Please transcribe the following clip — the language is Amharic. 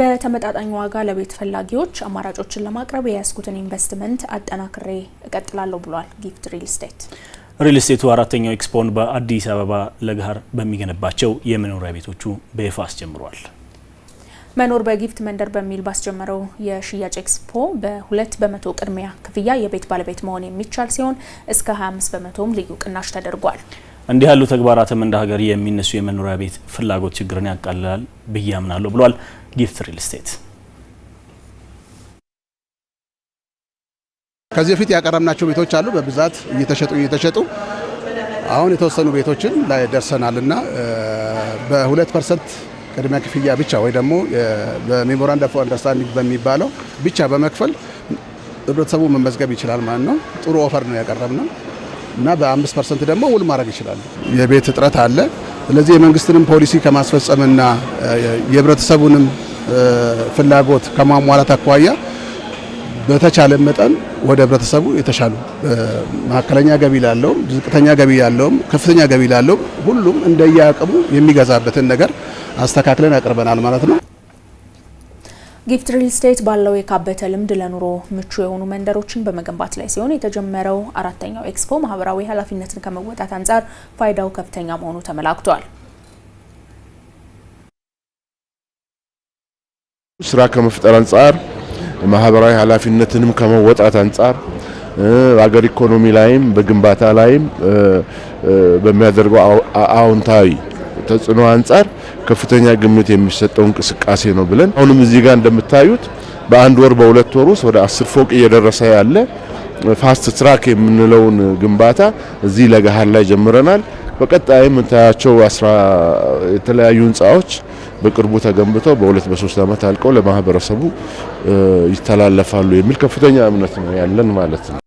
በተመጣጣኝ ዋጋ ለቤት ፈላጊዎች አማራጮችን ለማቅረብ የያዝኩትን ኢንቨስትመንት አጠናክሬ እቀጥላለሁ ብሏል ጊፍት ሪል ስቴት። ሪል ስቴቱ አራተኛው ኤክስፖን በአዲስ አበባ ለገሃር በሚገነባቸው የመኖሪያ ቤቶቹ በይፋ አስጀምሯል። መኖር በጊፍት መንደር በሚል ባስጀመረው የሽያጭ ኤክስፖ በሁለት በመቶ ቅድሚያ ክፍያ የቤት ባለቤት መሆን የሚቻል ሲሆን እስከ 25 በመቶም ልዩ ቅናሽ ተደርጓል። እንዲህ ያሉ ተግባራትም እንደ ሀገር የሚነሱ የመኖሪያ ቤት ፍላጎት ችግርን ያቃልላል ብዬ አምናለሁ ብሏል ጊፍት ሪል ስቴት። ከዚህ በፊት ያቀረብናቸው ቤቶች አሉ በብዛት እየተሸጡ እየተሸጡ አሁን የተወሰኑ ቤቶችን ላይ ደርሰናል እና በሁለት ፐርሰንት ቅድሚያ ክፍያ ብቻ ወይ ደግሞ በሜሞራንድ ኦፍ አንደርስታንዲንግ በሚባለው ብቻ በመክፈል ህብረተሰቡ መመዝገብ ይችላል ማለት ነው። ጥሩ ኦፈር ነው ያቀረብነው። እና በአምስት ፐርሰንት ደግሞ ውል ማድረግ ይችላሉ። የቤት እጥረት አለ። ስለዚህ የመንግስትንም ፖሊሲ ከማስፈጸምና የህብረተሰቡንም ፍላጎት ከማሟላት አኳያ በተቻለ መጠን ወደ ህብረተሰቡ የተሻሉ መካከለኛ ገቢ ላለውም፣ ዝቅተኛ ገቢ ያለውም፣ ከፍተኛ ገቢ ላለውም ሁሉም እንደየአቅሙ የሚገዛበትን ነገር አስተካክለን ያቀርበናል ማለት ነው። ጊፍት ሪል ስቴት ባለው የካበተ ልምድ ለኑሮ ምቹ የሆኑ መንደሮችን በመገንባት ላይ ሲሆን የተጀመረው አራተኛው ኤክስፖ ማህበራዊ ኃላፊነትን ከመወጣት አንጻር ፋይዳው ከፍተኛ መሆኑ ተመላክቷል። ስራ ከመፍጠር አንጻር ማህበራዊ ኃላፊነትንም ከመወጣት አንጻር በሀገር ኢኮኖሚ ላይም በግንባታ ላይም በሚያደርገው አዎንታዊ ተጽዕኖ አንጻር ከፍተኛ ግምት የሚሰጠው እንቅስቃሴ ነው ብለን አሁንም እዚህ ጋር እንደምታዩት በአንድ ወር በሁለት ወር ውስጥ ወደ አስር ፎቅ እየደረሰ ያለ ፋስት ትራክ የምንለውን ግንባታ እዚህ ለገሃር ላይ ጀምረናል። በቀጣይም የምታያቸው የተለያዩ ህንፃዎች በቅርቡ ተገንብተው በሁለት በሶስት ዓመት አልቀው ለማህበረሰቡ ይተላለፋሉ የሚል ከፍተኛ እምነት ነው ያለን ማለት ነው።